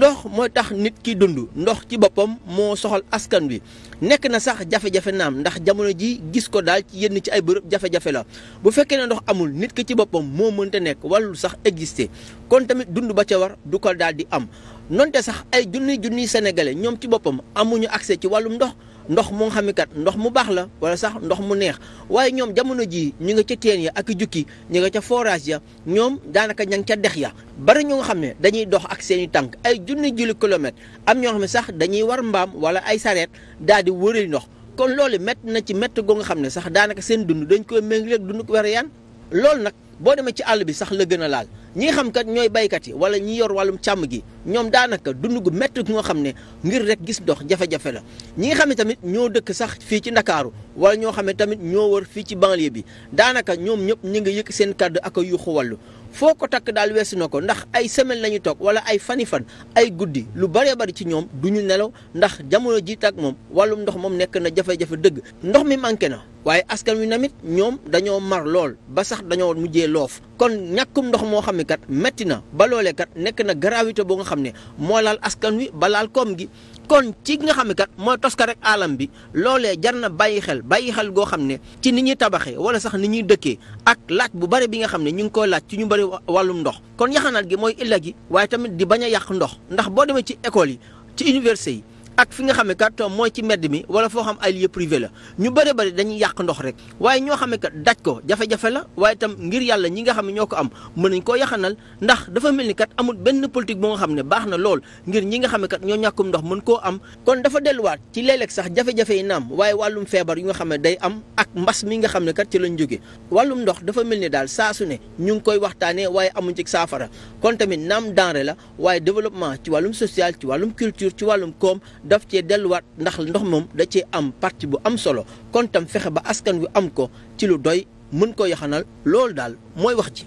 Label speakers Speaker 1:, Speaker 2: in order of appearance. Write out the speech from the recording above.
Speaker 1: ndox mooy tax nit ki dund ndox ci boppam moo soxal askan wi nekk na sax jafe-jafe naam ndax jamono ji gis ko daal ci yenn ci ay bërëb jafe-jafe la bu fekkee ne ndox amul nit ki ci boppam moo mënta nekk wàllu sax exister kon tamit dund ba ca war du ko daal di am nonte sax ay junni junni sénégalais ñoom ci boppam amuñu accès ci wàllum ndox ndox mu nga xam ne ndox mu baax la wala sax ndox mu neex waaye ñoom jamono jii ñu nga ca teen ya ak jukki ñu nga ca forage ya ñoom daanaka ña ngi ca dex ya bari ñoo nga xam ne dañuy dox ak seen i tànk ay junni julli kilomètre am ñoo xam ne sax dañuy war mbaam wala ay sareet daal di wërali ndox kon loolu métti na ci métti goo nga xam ne sax daanaka seen dund dañ koy méngaleeg dund ko wér yaan loolu nag boo demee ci àll bi sax la gën a laal ñi nga xam ñooy baykat yi wala yor wàllum càmm gi ñoom daanaka dund gu métti moo xam ne ngir rek gis dox jafe-jafe la ñi nga xam ne tamit ñoo dëkk sax fii ci ndakaaru wala ñoo xam ne tamit ñoo wër fii ci banlieue bi daanaka ñoom ñëpp ñu ngi yëkk seen kàdd ak a yuuxu wàllu foo ko takk daal weesu na ko ndax ay semaine la ñu toog wala ay fani fan ay guddi lu bëree bëri ci ñoom duñu nelaw ndax jamono ji tak moom wàllum ndox moom nekk na jafe-jafe dëgg ndox mi manqué na waaye askan wi namit ñoom dañoo mar lool ba sax dañoo mujjee loof kon ñàkkum ndox moo xam ne kat métti na ba loolee kat nekk na gravité boo nga xam ne moo laal askan wi ba laal koom gi kon ci nga xam ne kat mooy toska rek alam bi loolee jar na bàyyi xel bàyyi xel goo xam ne ci ni ñuy tabaxee wala sax ni ñuy dëkkee ak laaj bu bare bi nga xam ne ñu ngi koy laaj ci ñu bari wàllum ndox kon yaxanaat gi mooy illa gi waaye tamit di bañ a yàq ndox ndax boo demee ci école yi ci université yi ak fi nga xam ne kat mooy ci mbedd mi wala foo xam ay lieu privé la ñu bare bëri dañu yàq ndox rek waaye ñoo xam ne kat daj ko jafe-jafe la waaye itam ngir yàlla ñi nga xam ne ñoo ko am mën nañ koo yaxanal ndax dafa mel ni kat amul benn politique boo xam ne baax na lool ngir ñi nga xam ne ñoo ñàkkum ndox mën koo am kon dafa delluwaat ci sax jafe-jafe waaye wàllum feebar yu nga xam ne day am ak mbas mi nga xam ne kat ci lañ jóge wàllum ndox dafa mel ni daal saa su ne ñu ngi koy waxtaanee waaye amuñ ci saafara kon tamit naam denrée la waaye développement ci wàllum social ci wàllum culture ci wàllum koom daf cee delluwaat ndax ndox moom da cee am partie bu am solo kon tam fexe ba askan wi am ko ci lu doy mën ko yaxanal loolu daal mooy wax ji